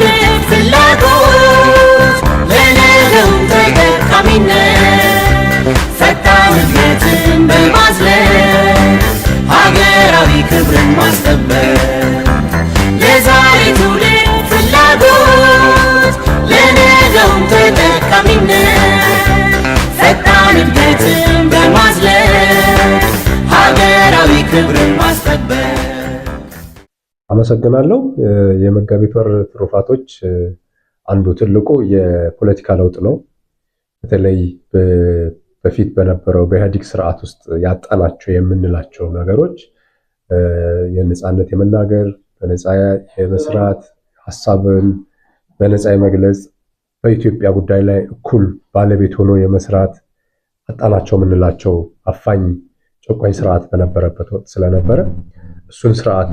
today. አመሰግናለሁ። የመጋቢት ወር ትሩፋቶች አንዱ ትልቁ የፖለቲካ ለውጥ ነው። በተለይ በፊት በነበረው በኢህአዲግ ስርዓት ውስጥ ያጣናቸው የምንላቸው ነገሮች የነፃነት የመናገር በነፃ የመስራት ሀሳብን በነፃ የመግለጽ በኢትዮጵያ ጉዳይ ላይ እኩል ባለቤት ሆኖ የመስራት አጣናቸው የምንላቸው አፋኝ ጨቋኝ ስርዓት በነበረበት ወቅት ስለነበረ እሱን ስርዓት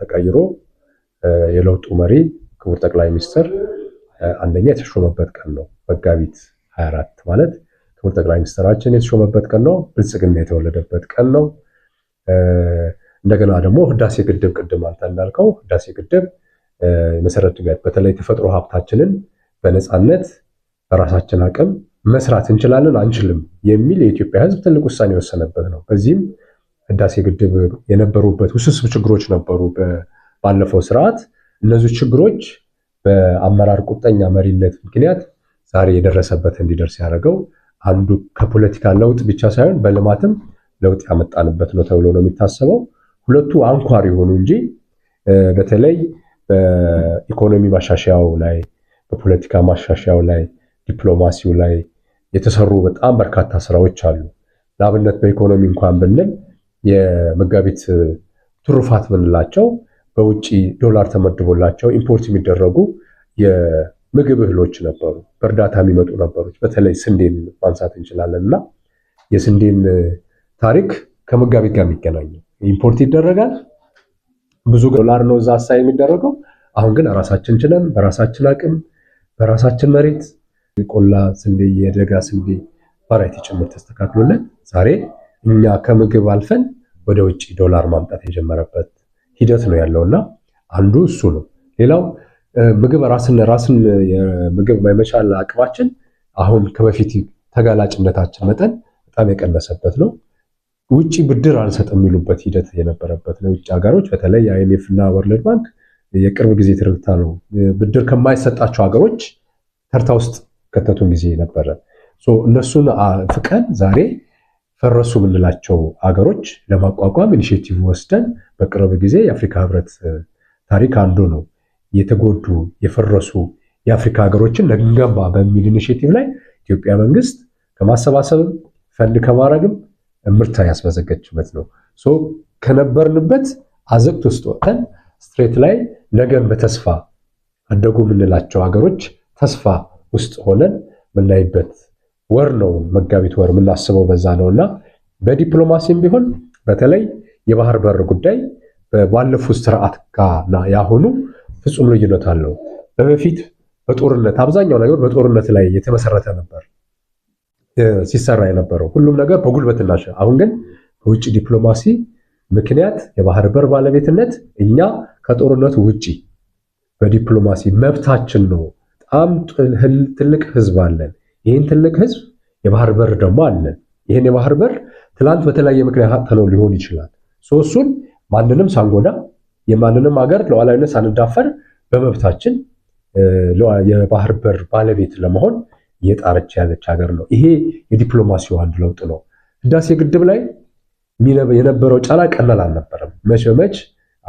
ተቀይሮ የለውጡ መሪ ክቡር ጠቅላይ ሚኒስትር አንደኛ የተሾመበት ቀን ነው። መጋቢት 24 ማለት ክቡር ጠቅላይ ሚኒስትራችን የተሾመበት ቀን ነው። ብልጽግና የተወለደበት ቀን ነው። እንደገና ደግሞ ህዳሴ ግድብ ቅድም አንተ እንዳልከው ህዳሴ ግድብ መሰረት ድንጋይ በተለይ ተፈጥሮ ሀብታችንን በነፃነት በራሳችን አቅም መስራት እንችላለን አንችልም የሚል የኢትዮጵያ ህዝብ ትልቅ ውሳኔ የወሰነበት ነው። በዚህም ህዳሴ ግድብ የነበሩበት ውስብስብ ችግሮች ነበሩ ባለፈው ስርዓት። እነዚህ ችግሮች በአመራር ቁጠኛ መሪነት ምክንያት ዛሬ የደረሰበት እንዲደርስ ያደረገው አንዱ ከፖለቲካ ለውጥ ብቻ ሳይሆን በልማትም ለውጥ ያመጣንበት ነው ተብሎ ነው የሚታሰበው። ሁለቱ አንኳር የሆኑ እንጂ በተለይ በኢኮኖሚ ማሻሻያው ላይ፣ በፖለቲካ ማሻሻያው ላይ፣ ዲፕሎማሲው ላይ የተሰሩ በጣም በርካታ ስራዎች አሉ። ለአብነት በኢኮኖሚ እንኳን ብንል የመጋቢት ትሩፋት ምንላቸው በውጭ ዶላር ተመድቦላቸው ኢምፖርት የሚደረጉ የምግብ እህሎች ነበሩ፣ በእርዳታ የሚመጡ ነበሮች። በተለይ ስንዴን ማንሳት እንችላለን እና የስንዴን ታሪክ ከመጋቢት ጋር የሚገናኘው ኢምፖርት ይደረጋል። ብዙ ዶላር ነው እዛ አሳይ የሚደረገው። አሁን ግን ራሳችን ችለን በራሳችን አቅም በራሳችን መሬት የቆላ ስንዴ፣ የደጋ ስንዴ ቫራይቲ ጭምር ተስተካክሎልን ዛሬ እኛ ከምግብ አልፈን ወደ ውጭ ዶላር ማምጣት የጀመረበት ሂደት ነው ያለው እና አንዱ እሱ ነው። ሌላው ምግብ ራስን ራስን ምግብ የመቻል አቅማችን አሁን ከበፊት ተጋላጭነታችን መጠን በጣም የቀነሰበት ነው። ውጭ ብድር አንሰጥም የሚሉበት ሂደት የነበረበት ነው። ውጭ ሀገሮች በተለይ አይኤምኤፍ እና ወርልድ ባንክ የቅርብ ጊዜ ትርታ ነው። ብድር ከማይሰጣቸው ሀገሮች ተርታ ውስጥ ከተቱ ጊዜ ነበረ። እነሱን ፍቀን ዛሬ ፈረሱ የምንላቸው አገሮች ለማቋቋም ኢኒሽቲቭ ወስደን በቅርብ ጊዜ የአፍሪካ ህብረት ታሪክ አንዱ ነው። የተጎዱ የፈረሱ የአፍሪካ ሀገሮችን እንገንባ በሚል ኢኒሽቲቭ ላይ ኢትዮጵያ መንግስት ከማሰባሰብም ፈንድ ከማድረግም ምርታ ያስመዘገችበት ነው። ከነበርንበት አዘቅት ውስጥ ወጥተን ስትሬት ላይ ነገን በተስፋ አደጉ የምንላቸው ሀገሮች ተስፋ ውስጥ ሆነን የምናይበት ወር ነው መጋቢት ወር የምናስበው በዛ ነው እና በዲፕሎማሲም ቢሆን በተለይ የባህር በር ጉዳይ ባለፉት ስርዓት ጋርና ያሁኑ ፍጹም ልዩነት አለው። በበፊት በጦርነት አብዛኛው ነገር በጦርነት ላይ የተመሰረተ ነበር ሲሰራ የነበረው ሁሉም ነገር በጉልበት እናሸ አሁን ግን በውጭ ዲፕሎማሲ ምክንያት የባህር በር ባለቤትነት እኛ ከጦርነቱ ውጪ በዲፕሎማሲ መብታችን ነው በጣም ትልቅ ህዝብ አለን። ይህን ትልቅ ህዝብ የባህር በር ደግሞ አለን። ይህን የባህር በር ትላንት በተለያየ ምክንያት አጥተነው ሊሆን ይችላል። እሱን ማንንም ሳንጎዳ የማንንም ሀገር ሉዓላዊነት ሳንዳፈር በመብታችን የባህር በር ባለቤት ለመሆን እየጣረች ያለች ሀገር ነው። ይሄ የዲፕሎማሲው አንድ ለውጥ ነው። ህዳሴ ግድብ ላይ የነበረው ጫና ቀላል አልነበረም። መች በመች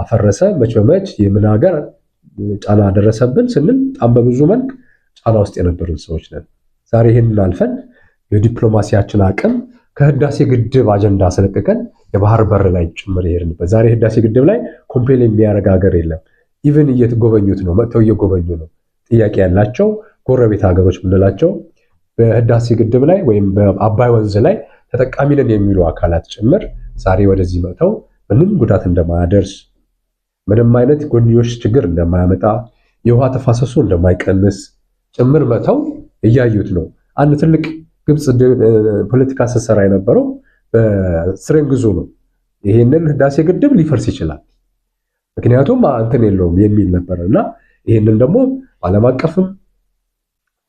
አፈረሰ፣ መች በመች የምን ሀገር ጫና ደረሰብን ስንል በጣም በብዙ መልክ ጫና ውስጥ የነበርን ሰዎች ነን። ዛሬ ይህንን አልፈን የዲፕሎማሲያችን አቅም ከህዳሴ ግድብ አጀንዳ አስለቅቀን የባህር በር ላይ ጭምር የሄድንበት ዛሬ ህዳሴ ግድብ ላይ ኮምፔል የሚያደርግ ሀገር የለም። ኢቨን እየጎበኙት ነው፣ መጥተው እየጎበኙ ነው። ጥያቄ ያላቸው ጎረቤት ሀገሮች ምንላቸው በህዳሴ ግድብ ላይ ወይም በአባይ ወንዝ ላይ ተጠቃሚ ነን የሚሉ አካላት ጭምር ዛሬ ወደዚህ መጥተው ምንም ጉዳት እንደማያደርስ ምንም አይነት ጎንዮሽ ችግር እንደማያመጣ የውሃ ተፋሰሱ እንደማይቀንስ ጭምር መተው እያዩት ነው። አንድ ትልቅ ግብፅ ፖለቲካ ስትሰራ የነበረው በስረን ግዙ ነው። ይህንን ህዳሴ ግድብ ሊፈርስ ይችላል ምክንያቱም እንትን የለውም የሚል ነበር እና ይህንን ደግሞ በዓለም አቀፍም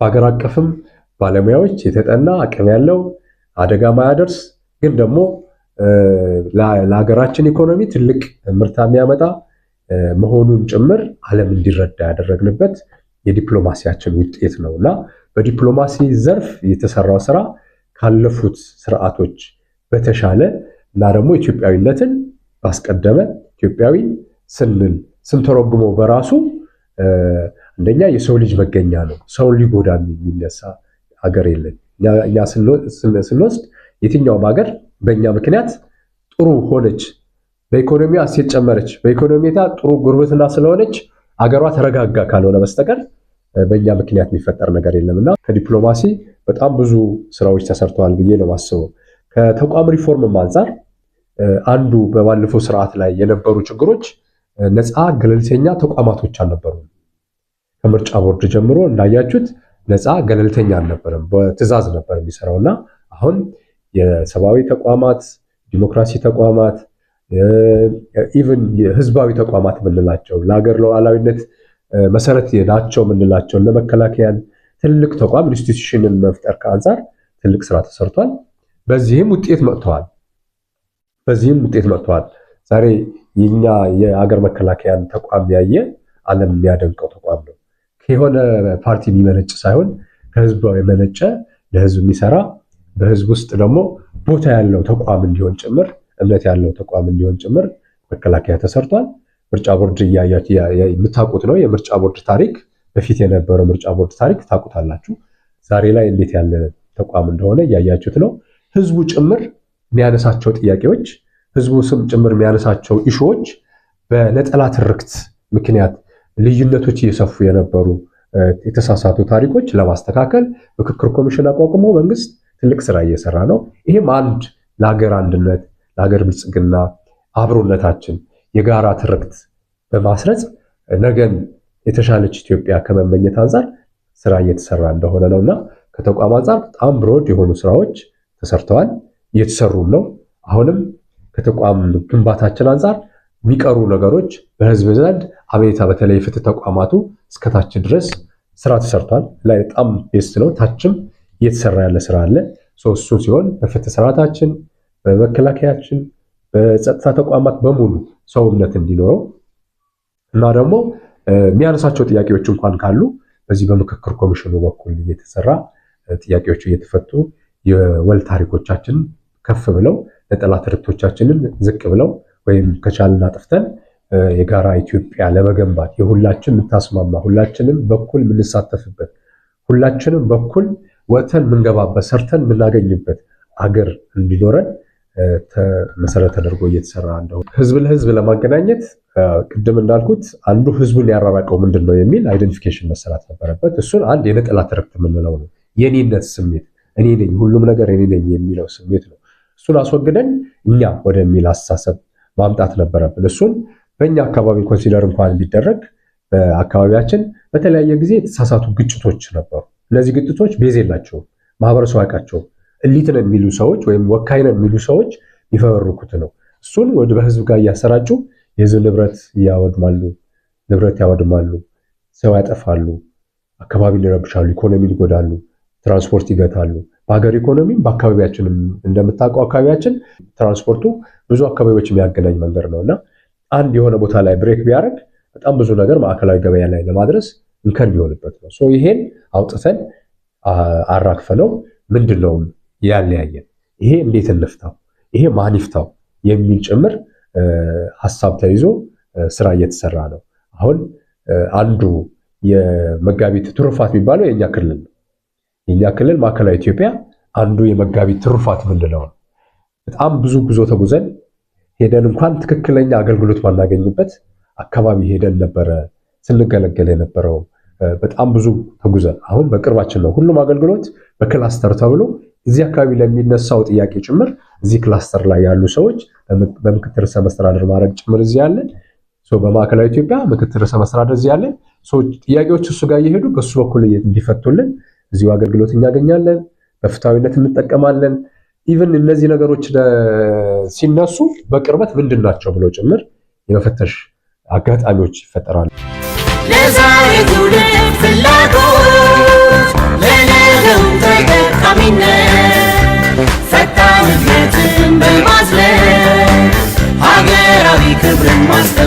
በሀገር አቀፍም ባለሙያዎች የተጠና አቅም ያለው አደጋ ማያደርስ ግን ደግሞ ለሀገራችን ኢኮኖሚ ትልቅ ምርታ የሚያመጣ መሆኑን ጭምር ዓለም እንዲረዳ ያደረግንበት የዲፕሎማሲያችን ውጤት ነው እና በዲፕሎማሲ ዘርፍ የተሰራው ስራ ካለፉት ስርዓቶች በተሻለ እና ደግሞ ኢትዮጵያዊነትን ባስቀደመ ኢትዮጵያዊ ስንል ስንተረጉሞ በራሱ አንደኛ የሰው ልጅ መገኛ ነው። ሰውን ሊጎዳ የሚነሳ ሀገር የለን። እኛ ስንወስድ የትኛውም ሀገር በእኛ ምክንያት ጥሩ ሆነች በኢኮኖሚ እሴት ጨመረች። በኢኮኖሚታ ጥሩ ጉርብትና ስለሆነች አገሯ ተረጋጋ ካልሆነ በስተቀር በእኛ ምክንያት የሚፈጠር ነገር የለም እና ከዲፕሎማሲ በጣም ብዙ ስራዎች ተሰርተዋል ብዬ ነው የማስበው። ከተቋም ሪፎርምም አንጻር አንዱ በባለፈው ስርዓት ላይ የነበሩ ችግሮች ነፃ ገለልተኛ ተቋማቶች አልነበሩም። ከምርጫ ቦርድ ጀምሮ እንዳያችሁት ነፃ ገለልተኛ አልነበረም፣ በትዕዛዝ ነበር የሚሰራው እና አሁን የሰብአዊ ተቋማት ዲሞክራሲ ተቋማት ኢቨን የህዝባዊ ተቋማት የምንላቸው ለሀገር ሉዓላዊነት መሰረት ናቸው የምንላቸውን ለመከላከያን ትልቅ ተቋም ኢንስቲትዩሽንን መፍጠር ከአንጻር ትልቅ ስራ ተሰርቷል። በዚህም ውጤት መጥተዋል። በዚህም ውጤት መጥተዋል። ዛሬ የኛ የሀገር መከላከያን ተቋም ያየ ዓለም የሚያደንቀው ተቋም ነው። ከሆነ ፓርቲ የሚመነጭ ሳይሆን ከህዝባዊ የመነጨ ለህዝብ የሚሰራ በህዝብ ውስጥ ደግሞ ቦታ ያለው ተቋም እንዲሆን ጭምር እምነት ያለው ተቋም እንዲሆን ጭምር መከላከያ ተሰርቷል። ምርጫ ቦርድ የምታውቁት ነው። የምርጫ ቦርድ ታሪክ በፊት የነበረው ምርጫ ቦርድ ታሪክ ታውቁታላችሁ። ዛሬ ላይ እንዴት ያለ ተቋም እንደሆነ እያያችሁት ነው። ህዝቡ ጭምር የሚያነሳቸው ጥያቄዎች፣ ህዝቡ ስም ጭምር የሚያነሳቸው ኢሹዎች በነጠላ ትርክት ምክንያት ልዩነቶች እየሰፉ የነበሩ የተሳሳቱ ታሪኮች ለማስተካከል ምክክር ኮሚሽን አቋቁሞ መንግስት ትልቅ ስራ እየሰራ ነው። ይህም አንድ ለሀገር አንድነት ለሀገር ብልጽግና አብሮነታችን የጋራ ትርክት በማስረጽ ነገን የተሻለች ኢትዮጵያ ከመመኘት አንጻር ስራ እየተሰራ እንደሆነ ነው እና ከተቋም አንጻር በጣም ብሮድ የሆኑ ስራዎች ተሰርተዋል፣ እየተሰሩም ነው። አሁንም ከተቋም ግንባታችን አንጻር የሚቀሩ ነገሮች በህዝብ ዘንድ አቤታ በተለይ ፍትህ ተቋማቱ እስከታች ድረስ ስራ ተሰርቷል። ላይ በጣም ቤስት ነው። ታችም እየተሰራ ያለ ስራ አለ። እሱን ሲሆን በፍትህ ስርዓታችን በመከላከያችን፣ በጸጥታ ተቋማት በሙሉ ሰውነት እንዲኖረው እና ደግሞ የሚያነሳቸው ጥያቄዎች እንኳን ካሉ በዚህ በምክክር ኮሚሽኑ በኩል እየተሰራ ጥያቄዎቹ እየተፈቱ የወል ታሪኮቻችን ከፍ ብለው ነጠላ ትርክቶቻችንን ዝቅ ብለው ወይም ከቻልን አጥፍተን የጋራ ኢትዮጵያ ለመገንባት የሁላችን የምታስማማ ሁላችንም በኩል የምንሳተፍበት ሁላችንም በኩል ወተን የምንገባበት ሰርተን የምናገኝበት አገር እንዲኖረን መሰረት ተደርጎ እየተሰራ እንደሆነ ህዝብ ለህዝብ ለማገናኘት ቅድም እንዳልኩት አንዱ ህዝቡን ያራራቀው ምንድን ነው የሚል አይደንቲፊኬሽን መሰራት ነበረበት። እሱን አንድ የነጠላ ትርክት የምንለው ነው። የኔነት ስሜት እኔ ነኝ፣ ሁሉም ነገር እኔ ነኝ የሚለው ስሜት ነው። እሱን አስወግደን እኛ ወደሚል አስተሳሰብ ማምጣት ነበረብን። እሱን በእኛ አካባቢ ኮንሲደር እንኳን ቢደረግ በአካባቢያችን በተለያየ ጊዜ የተሳሳቱ ግጭቶች ነበሩ። እነዚህ ግጭቶች ቤዝ የላቸውም፣ ማህበረሰቡ አያውቃቸውም። እሊት ነው የሚሉ ሰዎች ወይም ወካይ ነው የሚሉ ሰዎች ይፈበርኩት ነው። እሱን ወደ በህዝብ ጋር እያሰራጩ የህዝብ ንብረት ያወድማሉ፣ ንብረት ያወድማሉ፣ ሰው ያጠፋሉ፣ አካባቢ ይረብሻሉ፣ ኢኮኖሚ ይጎዳሉ፣ ትራንስፖርት ይገታሉ። በሀገር ኢኮኖሚም በአካባቢያችንም እንደምታውቀው አካባቢያችን ትራንስፖርቱ ብዙ አካባቢዎች የሚያገናኝ መንገድ ነው እና አንድ የሆነ ቦታ ላይ ብሬክ ቢያደርግ በጣም ብዙ ነገር ማዕከላዊ ገበያ ላይ ለማድረስ እንከን ቢሆንበት ነው። ይሄን አውጥተን አራክፈነው ምንድን ነው ያለያየን። ይሄ እንዴት እንፍታው፣ ይሄ ማን ይፍታው የሚል ጭምር ሀሳብ ተይዞ ስራ እየተሰራ ነው። አሁን አንዱ የመጋቢት ትሩፋት የሚባለው የእኛ ክልል ነው። የእኛ ክልል ማዕከላዊ ኢትዮጵያ አንዱ የመጋቢት ትሩፋት የምንለው ነው። በጣም ብዙ ጉዞ ተጉዘን ሄደን እንኳን ትክክለኛ አገልግሎት ባናገኝበት አካባቢ ሄደን ነበረ ስንገለገል የነበረው በጣም ብዙ ተጉዘን አሁን በቅርባችን ነው። ሁሉም አገልግሎት በክላስተር ተብሎ እዚህ አካባቢ ለሚነሳው ጥያቄ ጭምር እዚህ ክላስተር ላይ ያሉ ሰዎች በምክትል ርዕሰ መስተዳደር ማድረግ ጭምር እዚህ ያለን በማዕከላዊ ኢትዮጵያ ምክትል ርዕሰ መስተዳደር እዚህ ያለን ሰዎች ጥያቄዎች እሱ ጋር እየሄዱ በሱ በኩል እንዲፈቱልን እዚሁ አገልግሎት እናገኛለን፣ በፍትሐዊነት እንጠቀማለን። ኢቨን እነዚህ ነገሮች ሲነሱ በቅርበት ምንድን ናቸው ብሎ ጭምር የመፈተሽ አጋጣሚዎች ይፈጠራሉ። ተፈጻሚነት ፈጣን እድገትን በማዝለት ሀገራዊ ክብርን ማስተ